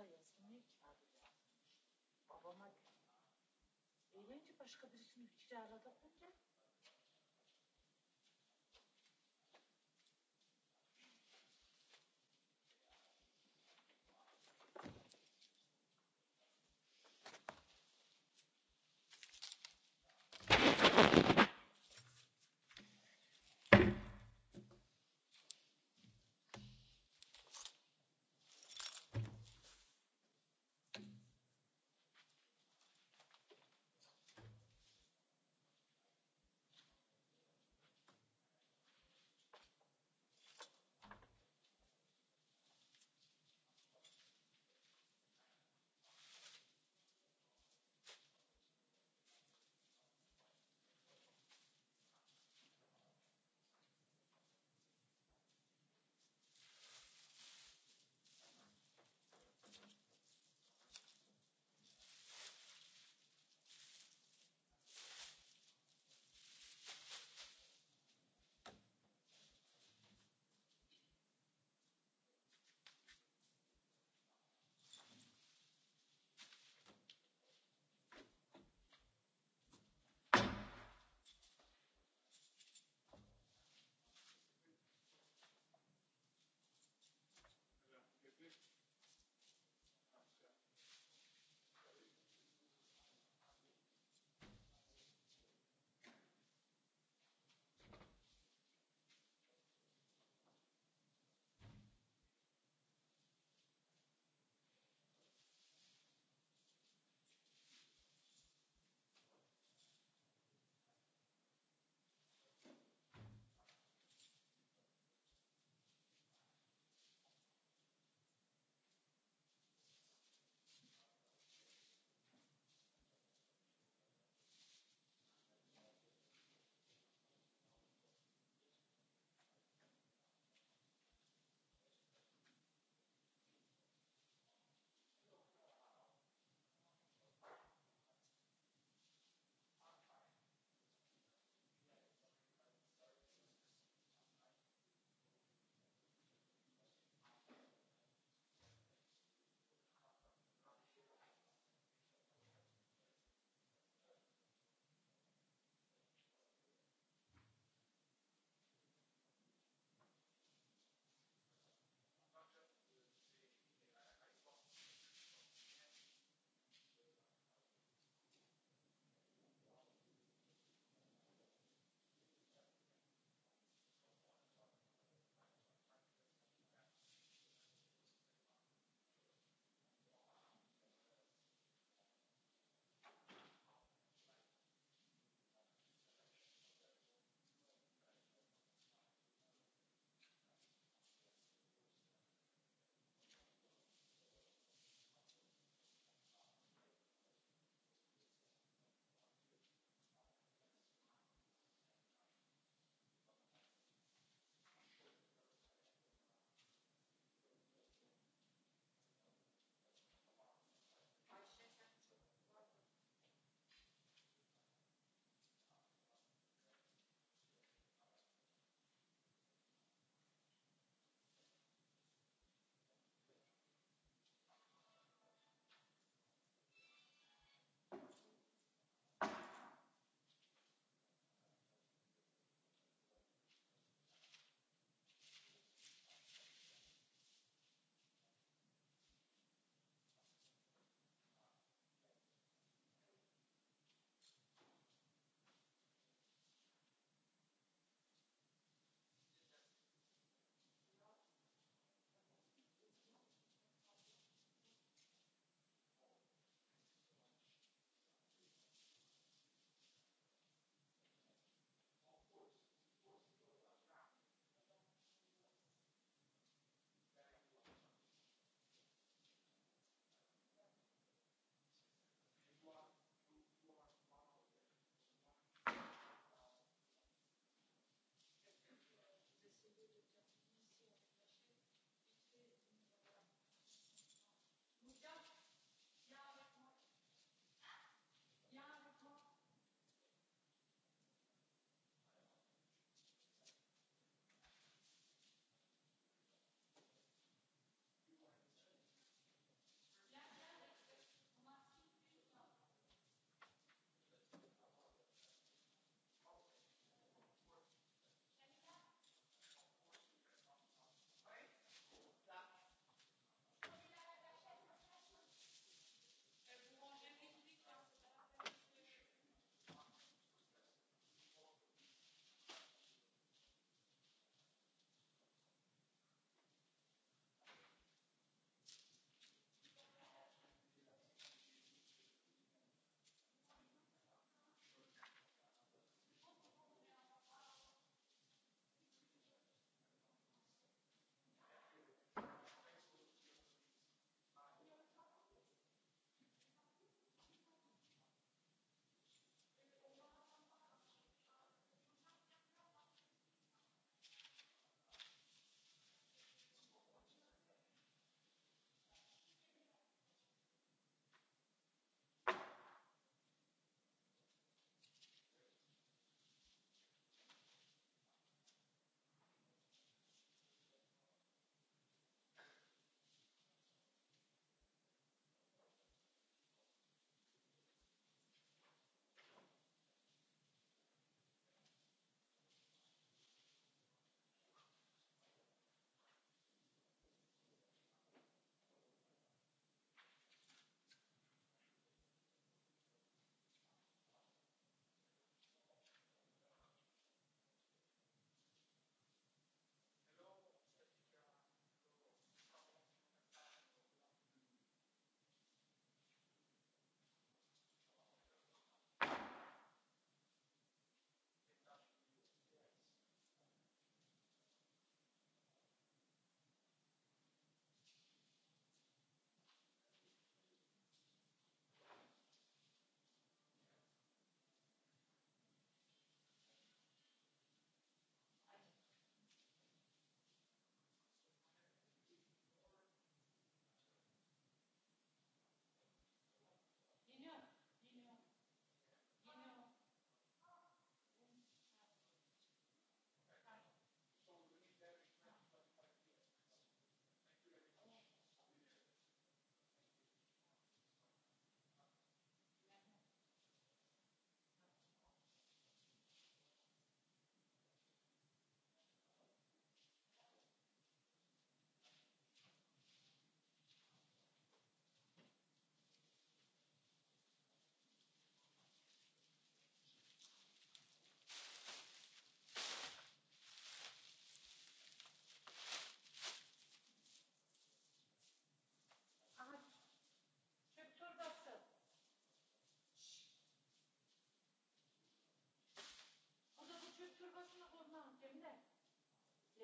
abla yazmıyor ki abla. Babama Evlenince başka birisini kiraladı. Önce